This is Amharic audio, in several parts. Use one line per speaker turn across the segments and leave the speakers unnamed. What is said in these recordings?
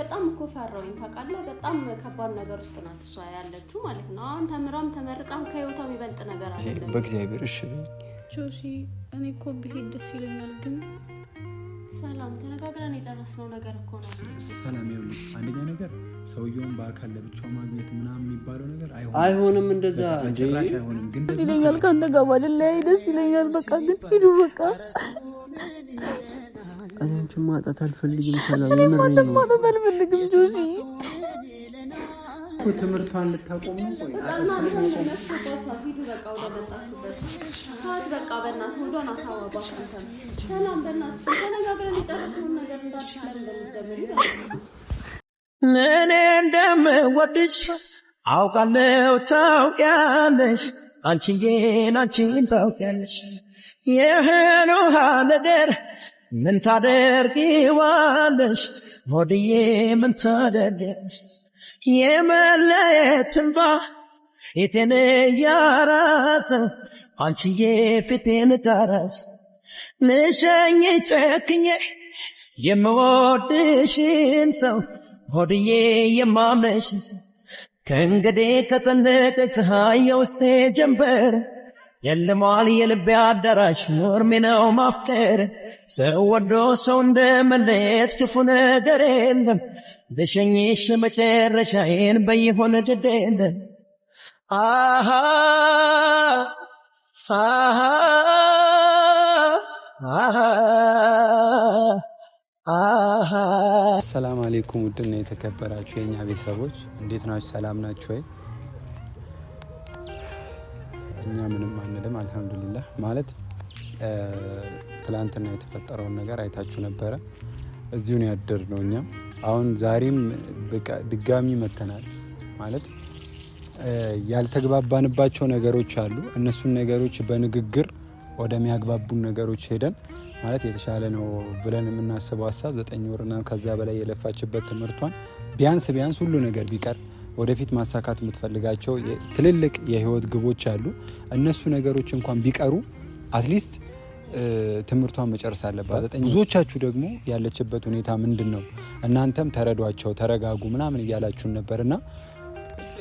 በጣም እኮ ፈራሁኝ ታውቃለህ። በጣም ከባድ ነገር ውስጥ ናት እሷ ያለችው ማለት ነው። አሁን ተምራም ተመርቃም ከህይወቷ የሚበልጥ ነገር
አለ። በእግዚአብሔር እሺ
ጆሲ፣ እኔ እኮ ብሄድ ደስ ይለኛል፣ ግን ሰላም ተነጋግረን የጨረስነው ነገር እኮ ነው።
ሰላም ይኸውልህ፣ አንደኛ ነገር ሰውየውን በአካል ለብቻው ማግኘት ምናምን የሚባለው ነገር አይሆንም፣ እንደዛ ጭራሽ አይሆንም።
ግን ደስ ይለኛል፣ ከአንተ ጋር ባልለያይ ደስ ይለኛል። በቃ ግን ሂዱ በቃ
እኔ አንቺን ማጣት አልፈልግም። ሰላም
ማጣት አልፈልግም። ጆሲ
እኮ ትምህርቷን ልታቆም ነው። ቆይ እኔ እንደምወድሽ አውቃለሁ፣ ታውቂያለሽ አንቺን ግን አንቺን ታውቂያለሽ የህን ውሃ ነገር ምን ታደርጊዋለሽ ሆድዬ ምን ታደርጊያለሽ? የመለየት እንባ ፊቴን እያራሰ አንቺዬ ፊቴን ቃራሰ ልሸኝ ጨክኜ የምወድሽን ሰው ሆድዬ የማምነሽ ከእንግዲህ ከጸነቀች ፀሐይ የውስጤ ጀንበር የልሟል የልቤ አዳራሽ ኖር ሚነው ማፍቀር ሰው ወዶ ሰው መለየት ክፉ ነገር የለም ልሸኝሽ መጨረሻዬን በይሆነ ድደለን አሃ አሃ አሃ ሰላም አሌይኩም ውድና የተከበራችሁ የእኛ ቤተሰቦች እንዴት ናችሁ? ሰላም ናችሁ ወይ? እኛ ምንም አንልም። አልሐምዱሊላህ ማለት ትላንትና የተፈጠረውን ነገር አይታችሁ ነበረ። እዚሁን ያደር ነው። እኛም አሁን ዛሬም ድጋሚ መተናል ማለት ያልተግባባንባቸው ነገሮች አሉ። እነሱን ነገሮች በንግግር ወደሚያግባቡን ነገሮች ሄደን ማለት የተሻለ ነው ብለን የምናስበው ሀሳብ ዘጠኝ ወርና ከዛ በላይ የለፋችበት ትምህርቷን ቢያንስ ቢያንስ ሁሉ ነገር ቢቀር ወደፊት ማሳካት የምትፈልጋቸው ትልልቅ የህይወት ግቦች አሉ። እነሱ ነገሮች እንኳን ቢቀሩ አትሊስት ትምህርቷን መጨረስ አለባት። ብዙዎቻችሁ ደግሞ ያለችበት ሁኔታ ምንድን ነው፣ እናንተም ተረዷቸው፣ ተረጋጉ ምናምን እያላችሁን ነበር እና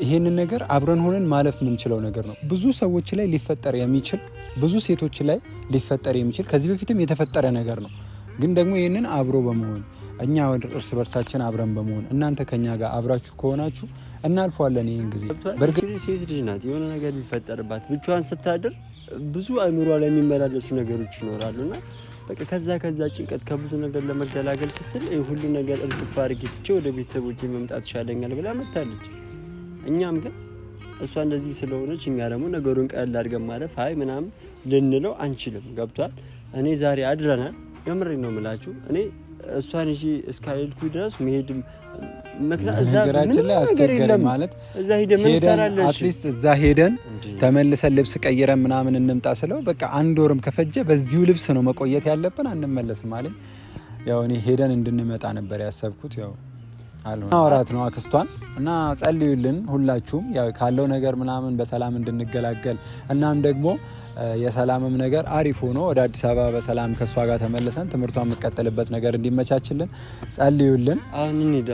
ይህንን ነገር አብረን ሆነን ማለፍ የምንችለው ነገር ነው። ብዙ ሰዎች ላይ ሊፈጠር የሚችል ብዙ ሴቶች ላይ ሊፈጠር የሚችል ከዚህ በፊትም የተፈጠረ ነገር ነው። ግን ደግሞ ይህንን አብሮ በመሆን እኛ እርስ በርሳችን አብረን በመሆን እናንተ ከኛ ጋር አብራችሁ ከሆናችሁ እናልፈዋለን ይህን ጊዜ። ሴት ልጅ ናት፣ የሆነ ነገር ቢፈጠርባት ብቻዋን ስታድር ብዙ አይምሯ ላይ የሚመላለሱ ነገሮች ይኖራሉና በቃ ከዛ ከዛ ጭንቀት ከብዙ ነገር ለመገላገል ስትል ሁሉ ነገር እርግፍ አድርጌ ትቼ ወደ ቤተሰቦች መምጣት ይሻለኛል ብላ መታለች። እኛም ግን እሷ እንደዚህ ስለሆነች እኛ ደግሞ ነገሩን ቀለል አድርገን ማለፍ አይ ምናምን ልንለው አንችልም። ገብቷል። እኔ ዛሬ አድረናል። የምሬ ነው የምላችሁ እኔ እሷን እ እስካልኩ ድረስ መሄድ ነገራችን ማለት እዛ ሄደን ምን ትሰራለሽ? አትሊስት እዛ ሄደን ተመልሰን ልብስ ቀይረን ምናምን እንምጣ ስለው በቃ አንድ ወርም ከፈጀ በዚሁ ልብስ ነው መቆየት ያለብን አንመለስም አለኝ። ያው እኔ ሄደን እንድንመጣ ነበር ያሰብኩት ያው ማውራት ነው አክስቷን እና ጸልዩልን ሁላችሁም ካለው ነገር ምናምን በሰላም እንድንገላገል እናም ደግሞ የሰላምም ነገር አሪፍ ሆኖ ወደ አዲስ አበባ በሰላም ከእሷ ጋር ተመልሰን ትምህርቷን የምቀጥልበት ነገር እንዲመቻችልን ጸልዩልን። አሁን እንሂድ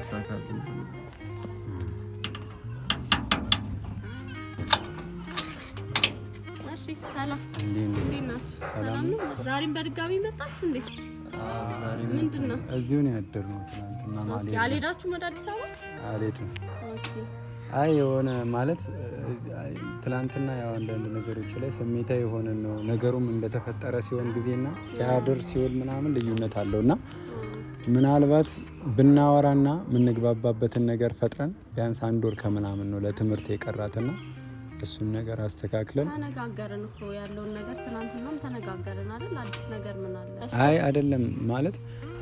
ይሳካል።
ሰላም ዛሬም በድጋሚ መጣችሁ እንዴ?
እዚሁ ነው ያደርነው።
ትናንትና ማለት አልሄዳችሁም ወደ አዲስ አበባ
አልሄድም። አይ የሆነ ማለት ትናንትና ያው አንዳንድ ነገሮች ላይ ስሜታ የሆነ ነው ነገሩም እንደተፈጠረ ሲሆን ጊዜና ሲያድር ሲውል ምናምን ልዩነት አለውና ምናልባት ብናወራና የምንግባባበትን ነገር ፈጥረን ቢያንስ አንድ ወር ከምናምን ነው ለትምህርት የቀራትና እሱን ነገር አስተካክለን
ተነጋገርን እኮ ያለውን ነገር ትናንትናም ተነጋገርን አይደል? አዲስ ነገር ምን አለ?
አይ አይደለም ማለት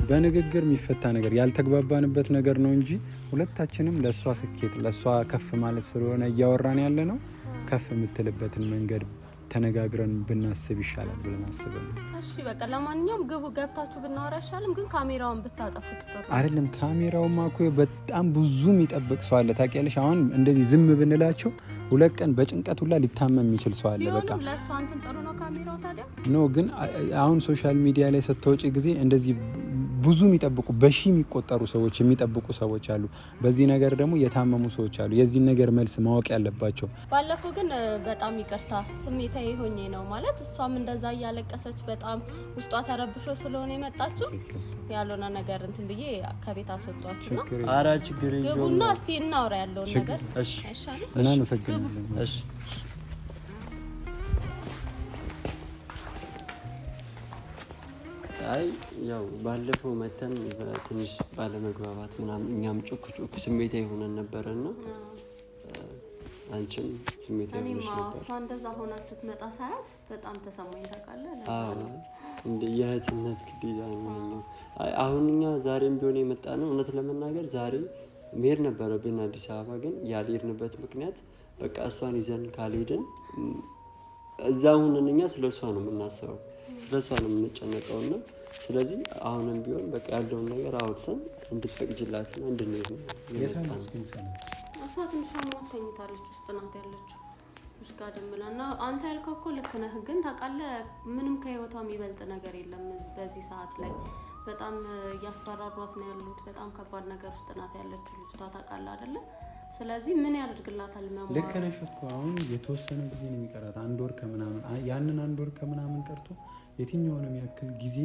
በንግግር የሚፈታ ነገር ያልተግባባንበት ነገር ነው እንጂ ሁለታችንም ለእሷ ስኬት ለእሷ ከፍ ማለት ስለሆነ እያወራን ያለ ነው ከፍ የምትልበትን መንገድ ተነጋግረን ብናስብ ይሻላል ብለን አስበን
እሺ በቃ ለማንኛውም ግቡ፣ ገብታችሁ ብናወራ ይሻልም። ግን ካሜራውን ብታጠፉት
ጥሩ አይደለም። ካሜራውማ እኮ በጣም ብዙ የሚጠብቅ ሰው አለ ታውቂያለሽ። አሁን እንደዚህ ዝም ብንላቸው ሁለት ቀን በጭንቀት ሁላ ሊታመም የሚችል ሰው አለ።
በቃ ለእሱ ጥሩ ነው ካሜራው ታዲያ።
ኖ ግን አሁን ሶሻል ሚዲያ ላይ ስትወጪ ጊዜ እንደዚህ ብዙ የሚጠብቁ በሺ የሚቆጠሩ ሰዎች የሚጠብቁ ሰዎች አሉ። በዚህ ነገር ደግሞ የታመሙ ሰዎች አሉ። የዚህን ነገር መልስ ማወቅ ያለባቸው።
ባለፈው ግን በጣም ይቅርታ ስሜታዊ ሆኜ ነው ማለት እሷም እንደዛ እያለቀሰች በጣም ውስጧ ተረብሾ ስለሆነ የመጣችው ያልሆነ ነገር እንትን ብዬ ከቤት አስወጧችሁ
ነው። ኧረ ችግር
ግቡና እስቲ እናውራ ያለውን ነገር።
እናመሰግናለን። አይ ያው ባለፈው መተን በትንሽ ባለመግባባት ምናምን እኛም ጮክ ጮክ ስሜታዊ ሆነን ነበረ እና አንቺም ስሜት
ነበር። እሷ እንደዛ ስትመጣ ሳያት በጣም ተሰማኝ። ታውቃለህ
እንደ የእህትነት ግዴታ ነው። አሁን እኛ ዛሬም ቢሆን የመጣ ነው እውነት ለመናገር ዛሬ መሄድ ነበረብን አዲስ አበባ፣ ግን ያልሄድንበት ምክንያት በቃ እሷን ይዘን ካልሄድን እዛ ሁነን እኛ ስለ እሷ ነው የምናስበው፣ ስለ እሷ ነው የምንጨነቀው እና ስለዚህ አሁንም ቢሆን በቃ ያለውን ነገር አውርተን እንድትፈቅጅላት ነው እንድንሄድ ነው።
እሷ ትንሿ ሞት ተኝታለች፣ ውስጥ ናት ያለችው ሽጋ ደምላ እና አንተ ያልከው እኮ ልክ ነህ፣ ግን ታውቃለህ፣ ምንም ከህይወቷ የሚበልጥ ነገር የለም በዚህ ሰዓት ላይ በጣም እያስፈራሯት ነው ያሉት። በጣም ከባድ ነገር ውስጥ ናት ያለችው ልጅቷ ታውቃለህ አይደለ? ስለዚህ ምን ያደርግላታል?
መማር ልክ ነሽ እኮ አሁን የተወሰነ ጊዜ ነው የሚቀራት፣ አንድ ወር ከምናምን። ያንን አንድ ወር ከምናምን ቀርቶ የትኛውንም ያክል ጊዜ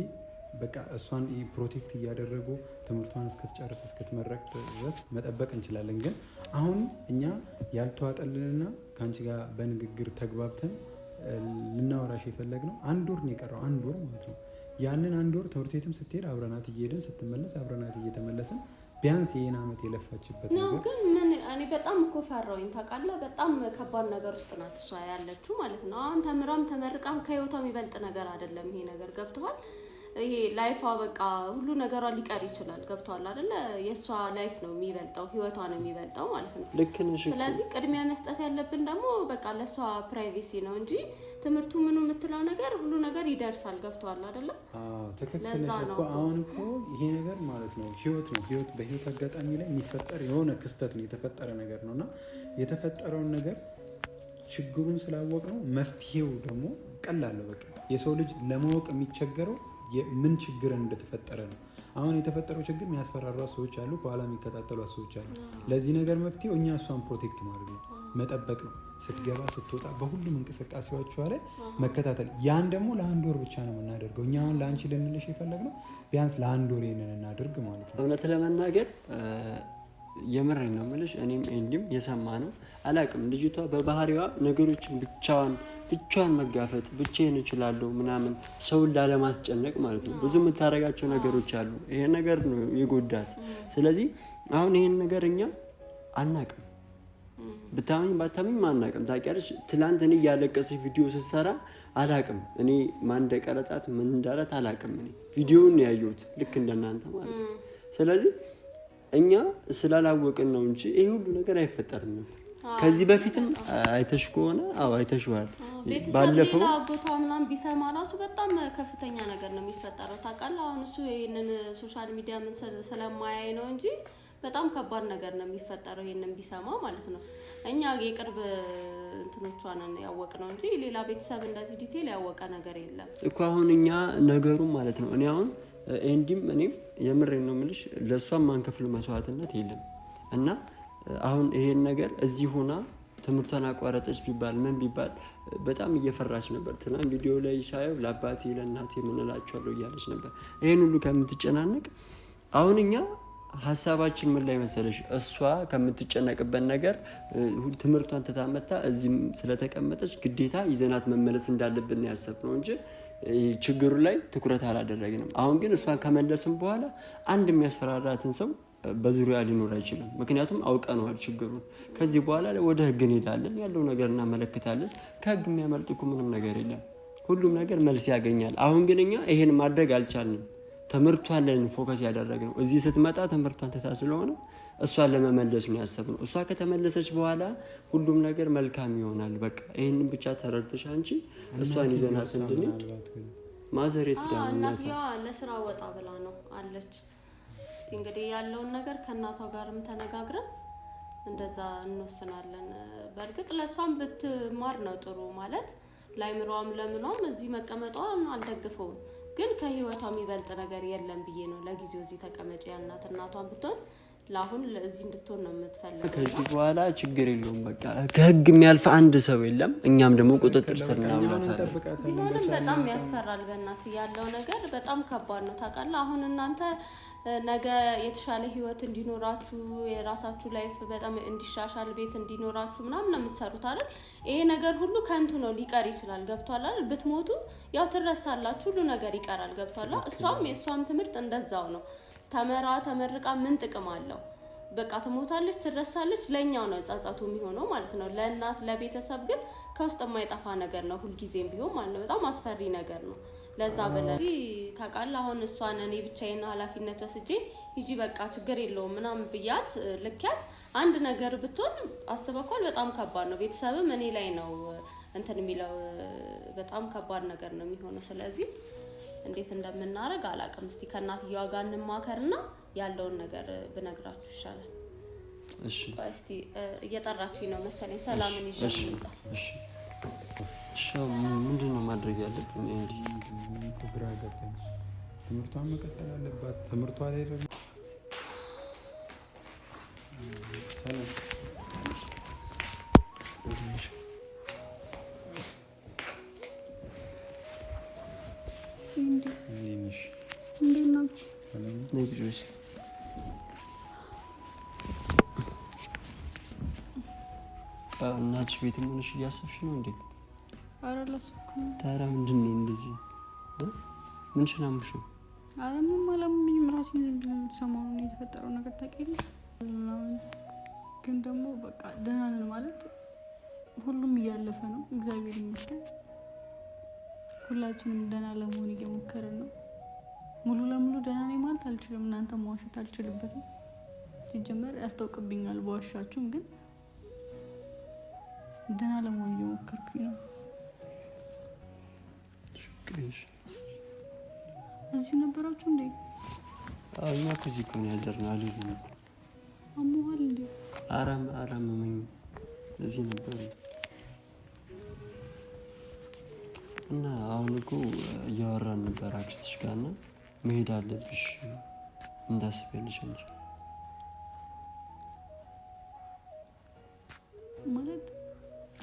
በቃ እሷን ፕሮቴክት እያደረጉ ትምህርቷን እስክትጨርስ እስክትመረቅ ድረስ መጠበቅ እንችላለን። ግን አሁን እኛ ያልተዋጠልንና ከአንቺ ጋር በንግግር ተግባብተን ልናወራሽ የፈለግ ነው አንድ ወር ነው የቀረው፣ አንድ ወር ማለት ነው። ያንን አንድ ወር ትምህርት ቤትም ስትሄድ አብረናት እየሄድን ስትመለስ አብረናት እየተመለስን ቢያንስ ይህን ዓመት የለፋችበት
ነው። ግን ምን እኔ በጣም እኮ ፈራውኝ ታውቃለህ። በጣም ከባድ ነገር ውስጥ ናት እሷ ያለችው ማለት ነው። አሁን ተምራም ተመርቃም ከህይወቷ የሚበልጥ ነገር አይደለም ይሄ ነገር ገብተዋል። ይሄ ላይፏ በቃ ሁሉ ነገሯ ሊቀር ይችላል። ገብቷል አይደለ? የእሷ ላይፍ ነው የሚበልጠው፣ ህይወቷ ነው የሚበልጠው ማለት
ነው። ልክ ነሽ።
ስለዚህ ቅድሚያ መስጠት ያለብን ደግሞ በቃ ለእሷ ፕራይቬሲ ነው እንጂ ትምህርቱ ምኑ የምትለው ነገር ሁሉ ነገር ይደርሳል። ገብቷል አይደለ?
ትክክል እኮ አሁን እኮ ይሄ ነገር ማለት ነው ህይወት ነው ህይወት በህይወት አጋጣሚ ላይ የሚፈጠር የሆነ ክስተት ነው የተፈጠረ ነገር ነው እና የተፈጠረውን ነገር ችግሩን ስላወቅ ነው መፍትሄው ደግሞ ቀላል ነው። በቃ የሰው ልጅ ለማወቅ የሚቸገረው ምን ችግር እንደተፈጠረ ነው። አሁን የተፈጠረው ችግር የሚያስፈራሯት ሰዎች አሉ፣ ከኋላ የሚከታተሏት ሰዎች አሉ። ለዚህ ነገር መፍትሄው እኛ እሷን ፕሮቴክት ማድረግ ነው፣ መጠበቅ ነው። ስትገባ ስትወጣ፣ በሁሉም እንቅስቃሴዎቿ ላይ መከታተል። ያን ደግሞ ለአንድ ወር ብቻ ነው የምናደርገው እኛ አሁን ለአንቺ ልንልሽ የፈለግነው ቢያንስ ለአንድ ወር ይንን እናደርግ ማለት ነው እውነት ለመናገር የምር ነው ምልሽ። እኔም ኤንዲም የሰማ ነው አላቅም። ልጅቷ በባህሪዋ ነገሮችን ብቻዋን ብቻዋን መጋፈጥ ብቻዬን እችላለሁ ምናምን ሰውን ላለማስጨነቅ ማለት ነው። ብዙ የምታደርጋቸው ነገሮች አሉ። ይሄ ነገር ነው የጎዳት። ስለዚህ አሁን ይሄን ነገር እኛ አናቅም። ብታምኝ ባታምኝ አናቅም። ታውቂያለሽ፣ ትላንት እኔ እያለቀሰች ቪዲዮ ስትሰራ አላቅም። እኔ ማን እንደቀረጻት ምን እንዳላት አላቅም። እኔ ቪዲዮውን ያየሁት ልክ እንደናንተ ማለት ነው። ስለዚህ እኛ ስላላወቅን ነው እንጂ ይህ ሁሉ ነገር አይፈጠርም። ከዚህ በፊትም አይተሽ ከሆነ አዎ አይተሽዋል።
ባለፈው አጎቷ ምናምን ቢሰማ ራሱ በጣም ከፍተኛ ነገር ነው የሚፈጠረው። ታውቃለህ፣ አሁን እሱ ይህንን ሶሻል ሚዲያ ምን ስለማያይ ነው እንጂ በጣም ከባድ ነገር ነው የሚፈጠረው፣ ይሄንን ቢሰማ ማለት ነው። እኛ የቅርብ እንትኖቿን ያወቅ ነው እንጂ ሌላ ቤተሰብ እንደዚህ ዲቴል ያወቀ ነገር የለም
እኮ። አሁን እኛ ነገሩ ማለት ነው እኔ አሁን ኤንዲም እኔም የምሬ ነው የምልሽ፣ ለእሷም ማንከፍል መስዋዕትነት የለም እና አሁን ይሄን ነገር እዚህ ሆና ትምህርቷን አቋረጠች ቢባል ምን ቢባል በጣም እየፈራች ነበር። ትናንት ቪዲዮ ላይ ሳየው ለአባቴ ለእናቴ የምንላቸዋለሁ እያለች ነበር። ይህን ሁሉ ከምትጨናነቅ አሁን እኛ ሀሳባችን ምን ላይ መሰለሽ፣ እሷ ከምትጨነቅበት ነገር ትምህርቷን ተታመታ እዚህም ስለተቀመጠች ግዴታ ይዘናት መመለስ እንዳለብን ነው ያሰብነው እንጂ ችግሩ ላይ ትኩረት አላደረግንም። አሁን ግን እሷን ከመለስም በኋላ አንድ የሚያስፈራራትን ሰው በዙሪያ ሊኖር አይችልም። ምክንያቱም አውቀነዋል ችግሩን። ከዚህ በኋላ ወደ ህግ እንሄዳለን፣ ያለው ነገር እናመለክታለን። ከህግ የሚያመልጥ እኮ ምንም ነገር የለም። ሁሉም ነገር መልስ ያገኛል። አሁን ግን እኛ ይሄን ማድረግ አልቻልንም። ትምህርቷን ላይ ፎከስ ያደረግ ነው። እዚህ ስትመጣ ትምህርቷን ትታ ስለሆነ እሷን ለመመለስ ነው ያሰብ ነው። እሷ ከተመለሰች በኋላ ሁሉም ነገር መልካም ይሆናል። በቃ ይህንን ብቻ ተረድተሽ አንቺ እሷን ይዘናት እንድንሄድ ማዘሬት
እናትየዋ ለስራ ወጣ ብላ ነው አለች። እስቲ እንግዲህ ያለውን ነገር ከእናቷ ጋርም ተነጋግረን እንደዛ እንወስናለን። በእርግጥ ለእሷም ብትማር ነው ጥሩ ማለት ላይምሯም ለምኗም እዚህ መቀመጧን አልደግፈውም። ግን ከህይወቷ የሚበልጥ ነገር የለም ብዬ ነው ለጊዜው እዚህ ተቀመጭ ያልናት። እናቷን ብትሆን ለአሁን ለዚህ እንድትሆን ነው የምትፈልገው።
ከዚህ በኋላ ችግር የለውም በቃ ከህግ የሚያልፍ አንድ ሰው የለም። እኛም ደግሞ ቁጥጥር ስር
እናውራታለን። ቢሆንም በጣም ያስፈራል። በእናት ያለው ነገር በጣም ከባድ ነው ታውቃለህ። አሁን እናንተ ነገ የተሻለ ህይወት እንዲኖራችሁ የራሳችሁ ላይፍ በጣም እንዲሻሻል ቤት እንዲኖራችሁ ምናምን ነው የምትሰሩት አይደል? ይሄ ነገር ሁሉ ከንቱ ነው፣ ሊቀር ይችላል። ገብቷል አይደል? ብትሞቱ ያው ትረሳላችሁ፣ ሁሉ ነገር ይቀራል። ገብቷል። እሷም የእሷም ትምህርት እንደዛው ነው። ተመራ ተመርቃ ምን ጥቅም አለው? በቃ ትሞታለች፣ ትረሳለች። ለእኛው ነው ጸጸቱ የሚሆነው ማለት ነው። ለእናት ለቤተሰብ ግን ከውስጥ የማይጠፋ ነገር ነው፣ ሁልጊዜም ቢሆን ማለት ነው። በጣም አስፈሪ ነገር ነው። ለዛ ብለን ታውቃለህ፣ አሁን እሷን እኔ ብቻዬን ኃላፊነት ወስጄ ሂጂ በቃ ችግር የለውም ምናምን ብያት ልኪያት አንድ ነገር ብትሆን አስበኳል። በጣም ከባድ ነው። ቤተሰብም እኔ ላይ ነው እንትን የሚለው በጣም ከባድ ነገር ነው የሚሆነው ስለዚህ እንዴት እንደምናደርግ አላውቅም። እስቲ ከእናትየዋ ጋር እንማከርና ያለውን ነገር ብነግራችሁ ይሻላል። እሺ እየጠራችኝ ነው መሰለኝ።
ሰላምን ይዤ ምንድን ነው ማድረግ ያለብን? ግራ ትምህርቷን መቀጠል አለባት። ትምህርቷ ላይ ደግሞ እናትሽ ቤት ሆነሽ እያሰብሽ ነው እንዴ?
ኧረ አላሰብኩም።
ታዲያ ምንድን ነው እንደዚህ? ምን ነው?
ኧረ ምንም አላመመኝም። ዝም ሰሞኑን የተፈጠረው ነገር ታውቂያለሽ። ግን ደግሞ በቃ ደህና ነን ማለት ሁሉም እያለፈ ነው። እግዚአብሔር ይመስገን። ሁላችንም ደህና ለመሆን እየሞከርን ነው። ሙሉ ለሙሉ ደህና ነኝ ማለት አልችልም። እናንተ መዋሸት አልችልበትም። ሲጀመር ያስታውቅብኛል በዋሻችሁም ግን ደህና ለመሆን እየሞከርኩኝ ነው። እዚህ ነበራችሁ እንዴ?
እኛ ከዚህ ከሆነ ያደርነው አልል
አሞሃል እንዴ?
አራም አላመመኝም። እዚህ ነበር እና አሁን እኮ እያወራን ነበር አክስትሽ ጋር እና መሄድ አለብሽ እንዳስፈልሽ እንጂ
ማለት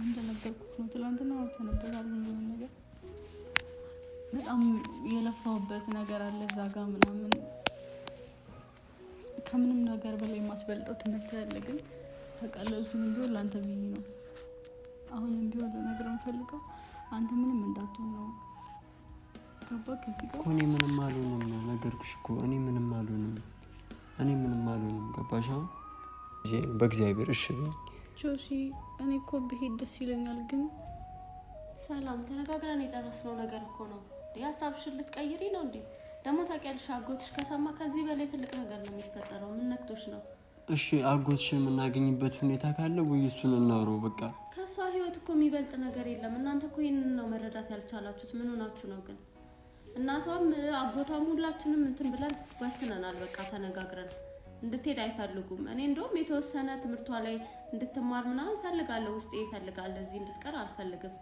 እንደነገርኩት ነው። ትላንትና ነበር አልሆነ ነገር። በጣም የለፋሁበት ነገር አለ እዛ ጋ ምናምን። ከምንም ነገር በላይ የማስበልጠው ትምህርት ያለ ግን ተቀለሱን ቢሆን ለአንተ ብዬ ነው። አሁንም ቢሆን ለነገር ንፈልገው አንተ ምንም እንዳትሆን ነው።
እኔ ምንም አልሆንም ነው ነገርኩሽ እኮ እኔ ምንም አልሆንም፣ እኔ ምንም አልሆንም። ገባሽ? አሁን በእግዚአብሔር እሺ በይኝ
ጆሲ፣ እኔ እኮ ብሄድ ደስ ይለኛል፣ ግን ሰላም፣ ተነጋግረን የጨረስነው ነገር እኮ ነው። ሀሳብሽን ልትቀይሪ ነው እንዴ? ደግሞ ታውቂያለሽ፣ አጎትሽ ከሰማ ከዚህ በላይ ትልቅ ነገር ነው የሚፈጠረው። ምን ነክቶሽ ነው?
እሺ አጎትሽ የምናገኝበት ሁኔታ ካለ ወይ እሱን እናውረው። በቃ
ከእሷ ህይወት እኮ የሚበልጥ ነገር የለም። እናንተ እኮ ይህንን ነው መረዳት ያልቻላችሁት። ምን ሆናችሁ ነው ግን? እናቷም አጎቷም ሁላችንም እንትን ብለን ወስነናል። በቃ ተነጋግረን እንድትሄድ አይፈልጉም። እኔ እንደውም የተወሰነ ትምህርቷ ላይ እንድትማር ምናምን ፈልጋለሁ፣ ውስጤ ይፈልጋል። እዚህ እንድትቀር አልፈልግም።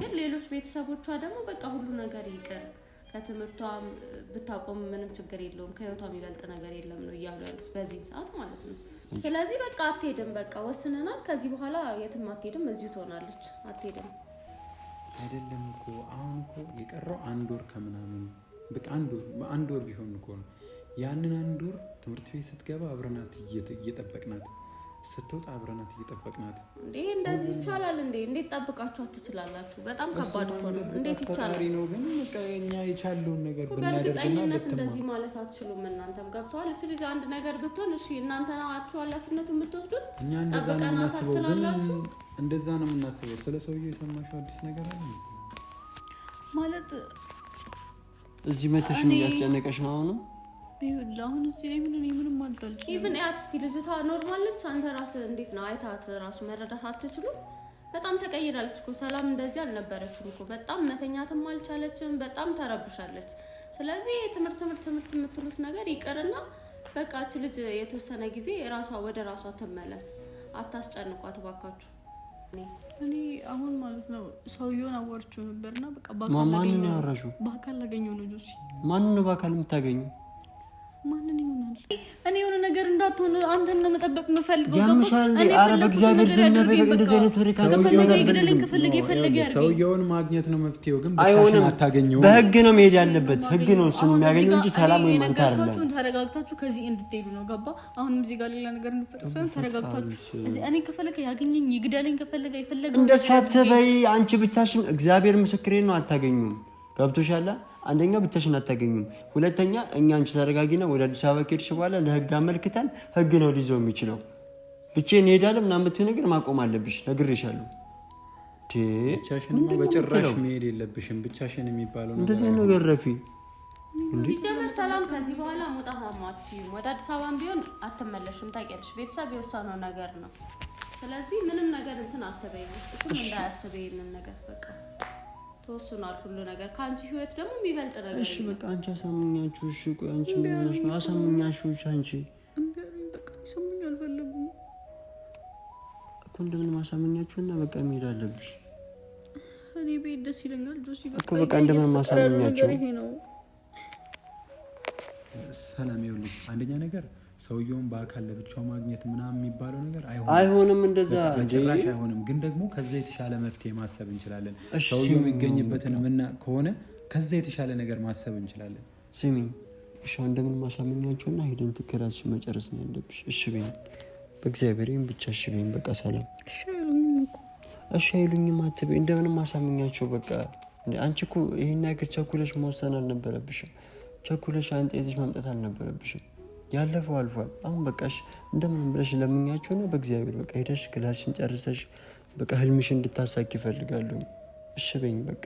ግን ሌሎች ቤተሰቦቿ ደግሞ በቃ ሁሉ ነገር ይቅር፣ ከትምህርቷ ብታቆም ምንም ችግር የለውም፣ ከህይወቷ የሚበልጥ ነገር የለም ነው እያሉ ያሉት በዚህ ሰዓት ማለት ነው። ስለዚህ በቃ አትሄድም፣ በቃ ወስነናል፣ ከዚህ በኋላ የትም አትሄድም፣ እዚሁ ትሆናለች፣ አትሄድም።
አይደለም እኮ አሁን እኮ የቀረው አንድ ወር ከምናምን በቃ አንድ ወር ቢሆን እኮ ነው ያንን አንድ ወር ትምህርት ቤት ስትገባ አብረናት እየጠበቅናት ስትወጣ አብረናት እየጠበቅናት።
እንዴ እንደዚህ ይቻላል እንዴ? እንዴት ጠብቃችኋት ትችላላችሁ? በጣም ከባድ ሆነ። እንዴት ይቻላል
ነው ግን እኛ የቻለውን ነገር
በእርግጠኝነት እንደዚህ ማለት አትችሉም። እናንተም ገብተዋል። እች ልጅ አንድ ነገር ብትሆን እሺ፣ እናንተ ናችሁ ኃላፊነቱ የምትወስዱት።
እኛ እንደዛ ነው የምናስበው፣ ግን እንደዛ ነው የምናስበው። ስለ ሰውዬው የሰማሽው አዲስ ነገር አለ ማለት እዚህ መተሽ ነው የሚያስጨነቀሽ ነው አሁንም
ይኸውልህ አሁን እዚህ ላይ ምንም ምንም አልጣልጭ ኢቭን ያት እስቲ ልጅቷ ኖርማል ነች። አንተ ራስ እንዴት ነው አይታት ራሱ መረዳት አትችሉ? በጣም ተቀይራለች እኮ ሰላም እንደዚህ አልነበረችም እኮ በጣም መተኛትም አልቻለችም። በጣም ተረብሻለች። ስለዚህ ትምህርት ትምህርት ትምህርት የምትሉት ነገር ይቅርና በቃ እች ልጅ የተወሰነ ጊዜ ራሷ ወደ ራሷ ትመለስ። አታስጨንቋት ባካችሁ። እኔ አሁን ማለት ነው ሰውየውን አዋርቼው ነበርና በቃ
በአካል
ላገኘው ነው።
ማን ነው በአካል የምታገኙ
ማንን ይሆናል? እኔ የሆነ ነገር እንዳትሆን አንተን ነው መጠበቅ የምፈልገው።
ያምሻል። ኧረ በእግዚአብሔር ሰውየውን ማግኘት ነው መፍትሄው፣ ግን አይሆንም። አታገኘው። በህግ ነው መሄድ ያለበት። ህግ ነው እሱን የሚያገኘው እንጂ ሰላም
ወይ መንካር ነው። ተረጋግታችሁ ከዚህ እንድትሄዱ ነው። ገባ? አሁንም እዚህ ጋር ሌላ ነገር ሳይሆን ተረጋግታችሁ እኔ ከፈለገ ያገኘኝ፣ ይግደለኝ፣ ከፈለገ የፈለገ
እንደሱ አትበይ አንቺ ብቻሽን። እግዚአብሔር ነው። አታገኙም። ገብቶሻል አንደኛ ብቻሽን አታገኙም። ሁለተኛ እኛ አንቺ ተረጋጊና ወደ አዲስ አበባ ከሄድሽ በኋላ ለህግ አመልክተን ህግ ነው ሊይዘው የሚችለው። ብቻዬን እሄዳለሁ ምናምን ብትይ ነገር ማቆም አለብሽ። ነግሬሻለሁ። ብቻሽን በጭራሽ መሄድ የለብሽም። ብቻሽን የሚባለው እንደዚህ ነገር ረፊ
ሲጀመር ሰላም ከዚህ በኋላ መውጣት አትችይም። ወደ አዲስ አበባም ቢሆን አትመለሽም። ታውቂያለሽ፣ ቤተሰብ የወሰነው ነገር ነው። ስለዚህ ምንም ነገር እንትን አትበይም። እሱም እንዳያስብ ይሄንን ነገር በቃ ተወስኗል ሁሉ ነገር ከአንቺ ህይወት ደግሞ የሚበልጥ
ነገር። እሺ በቃ አንቺ አሳምኛችሁ። እሺ ቆይ አንቺ ምን ሆነሽ ነው? አሳምኛችሁ። እሺ አንቺ እኮ እንደምንም አሳምኛችሁ እና በቃ መሄድ አለብሽ።
እኔ ቤት ደስ ይለኛል
እኮ በቃ እንደምንም አሳምኛችሁ። ሰላም ይኸውልሽ፣ አንደኛ ነገር ሰውየውን በአካል ለብቻው ማግኘት ምናምን የሚባለው ነገር አይሆንም፣ እንደዛ በጭራሽ አይሆንም። ግን ደግሞ ከዛ የተሻለ መፍትሄ ማሰብ እንችላለን። ሰውየው የሚገኝበትን ምና ከሆነ ከዛ የተሻለ ነገር ማሰብ እንችላለን። ስሚ፣ እሺ፣ እንደምን ማሳመኛቸውና ሄደን ትከራዝሽ መጨረስ ነው ያለብሽ። እሺ በይኝ፣ በእግዚአብሔር ብቻ እሺ በይኝ። በቃ ሰላም። እሺ አይሉኝም አትበይ። እንደምን ማሳመኛቸው በቃ አንቺ እኮ ይህን ያክል ቸኩለሽ መወሰን አልነበረብሽም። ቸኩለሽ አንጤዜሽ መምጠት አልነበረብሽም። ያለፈው አልፏል። አሁን በቃሽ እንደምንም ብለሽ ለምኛቸውና በእግዚአብሔር በቃ ሄደሽ ክላስሽን ጨርሰሽ በቃ ህልምሽ እንድታሳኪ ይፈልጋሉ። እሺ በይኝ በቃ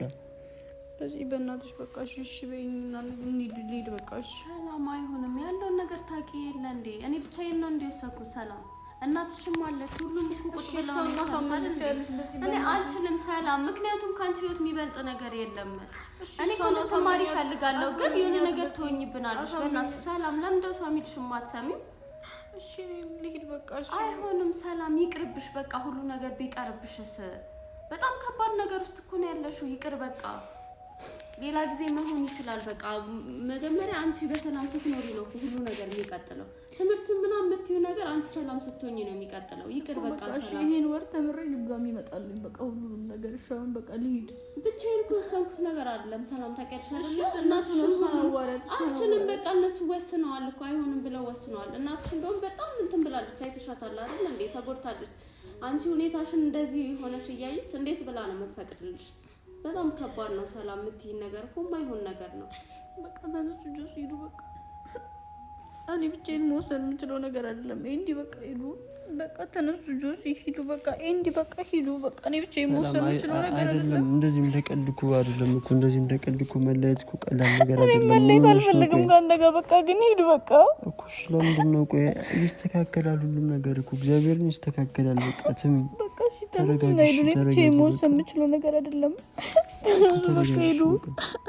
በዚህ በእናትሽ በቃ ሽሽ በይኝና ልሂድ በቃ። ሰላም አይሆንም ያለውን ነገር ታውቂ የለ እንዴ? እኔ ብቻዬን ነው እንዲ ሰላም እናትሽም አለች። ሁሉም እኮ ቁጭ ብለው እኔ አልችልም ሰላም፣ ምክንያቱም ከአንቺ ህይወት የሚበልጥ ነገር የለም። እኔ ኮነ ተማሪ እፈልጋለሁ፣ ግን የሆነ ነገር ትሆኝብናለች። በእናትሽ ሰላም፣ ለምንድነው ሳሚልሽ የማትሰሚው? አይሆንም ሰላም፣ ይቅርብሽ በቃ ሁሉ ነገር ቢቀርብሽስ። በጣም ከባድ ነገር ውስጥ እኮ ነው ያለሽው። ይቅር በቃ ሌላ ጊዜ መሆን ይችላል። በቃ መጀመሪያ አንቺ በሰላም ስትኖሪ ነው ሁሉ ነገር የሚቀጥለው። ትምህርት ምናምን የምትዩ ነገር አንቺ ሰላም ስትሆኝ ነው የሚቀጥለው። ይቅር በቃ ይሄን ወር ተምሬ ድጋሚ ይመጣልኝ። በቃ ሁሉንም ነገር ሻውን በቃ ልሂድ ብቻዬን እኮ ወሰንኩት ነገር አይደለም። ሰላም ታውቂያለሽ፣ እናቱ አንቺንም በቃ እነሱ ወስነዋል እኮ አይሆንም ብለው ወስነዋል። እናትሽ እንደውም በጣም እንትን ብላለች። አይተሻታል አይደል እንዴ? ተጎድታለች። አንቺ ሁኔታሽን እንደዚህ ሆነሽ እያየች እንዴት ብላ ነው መፈቅድልሽ በጣም ከባድ ነው። ሰላም የምትይኝ ነገር እኮ የማይሆን ነገር ነው። በቃ ተነሱ፣ ጆስ ሂዱ። በቃ እኔ ብቻዬን መወሰን የምችለው ነገር አይደለም። ይሄ እንዲህ በቃ ሂዱ። በቃ ተነሱ ጆስ ሂዱ፣ በቃ ኤንዲ በቃ ሂዱ፣ በቃ እኔ ብቻ የመወሰኑ ችለው ነገር
አይደለም። እንደዚህ እንደቀልድ እኮ አይደለም እኮ እንደዚህ እንደቀልድ መለየት እኮ ቀላል ነገር
አይደለም። መለየት አልፈልግም ከአንተ ጋር በቃ ግን ሂድ በቃ
እኮ ስለምንድን ነው? ቆይ ይስተካከላል፣ ሁሉም ነገር እኮ እግዚአብሔርን ይስተካከላል። በቃ ትም
በቃ እሺ፣ ተነሱ ሂዱ። እኔ ብቻ የመወሰን የምችለው ነገር አይደለም። ተነሱ በቃ ሂዱ።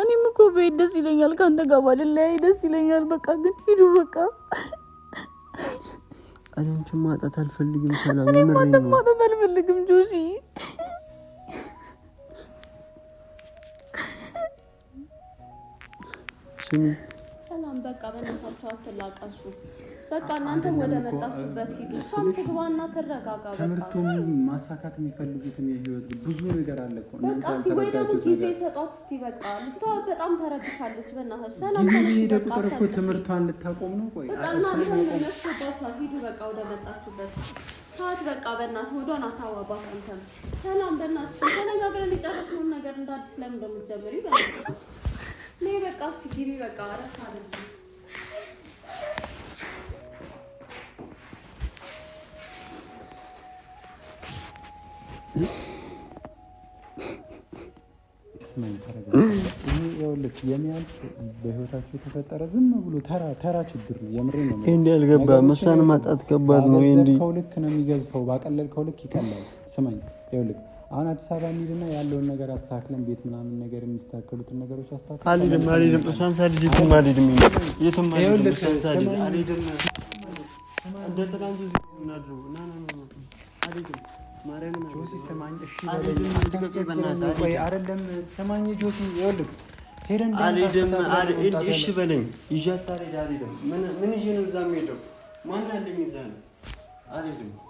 እኔም እኮ በሄድ ደስ ይለኛል፣ ከአንተ ጋር ባልለያይ ደስ ይለኛል። በቃ ግን ሂዱ በቃ
እኔ አንቺን ማጣት አልፈልግም። ሰላም
እኔ አንተን ማጣት አልፈልግም ጆሲ። ሰላም በቃ በእናታችሁ አትላቀሱ። በቃ እናንተም ወደ መጣችሁበት ሂዱ። እሷም ትግባና ትረጋጋ።
ትምህርቱም ማሳካት የሚፈልጉትም የህይወት ብዙ ነገር አለ እኮ
በቃ እስኪ ወይ ደግሞ ጊዜ ሰጧት እስኪ በቃ ልጅቷ በጣም ተረብሻለች። በእናትሽ
ሰላም ሄደ ቁጥር እኮ ትምህርቷን ልታቆም ነው። ቆይ
በቃ እናንተም ያስገባችኋል። ሂዱ በቃ ወደ መጣችሁበት ሰዓት በቃ በእናትህ ወደሆን አታዋባት። አንተም ሰላም በእናትሽ ተነጋግረን ሊጨረስነውን ነገር እንዳዲስ ለምን እንደምትጀምሪ በቃ እስኪ ግቢ በቃ ረስ አለ
ይኸውልህ የሚያልፍ በህይወታችሁ የተፈጠረ ዝም ብሎ ተራ ተራ ችግር ነው። የምሬ ነው። ይሄን አልገባህም። እሷን ማጣት ከባድ ነው። ይሄን ልክ ነው የሚገዝፈው። ባቀለልከው ልክ ይቀላል። ስማኝ፣ ይኸውልህ አሁን አዲስ አበባ እንሂድና ያለውን ነገር አስተካክለን ቤት ምናምን ነገር የሚስተካከሉትን ነገሮች አስተካክለን አልሄድም፣ አልሄድም። አልሄድም ጆሲ ስማኝ፣ ጆሲ፣ ይኸውልህ ሄደን እሺ በለኝ። ይዣት አልሄድም። ምን ይዤ ነው እዛ የምሄደው? ማን አለኝ እዛ ነው? አልሄድም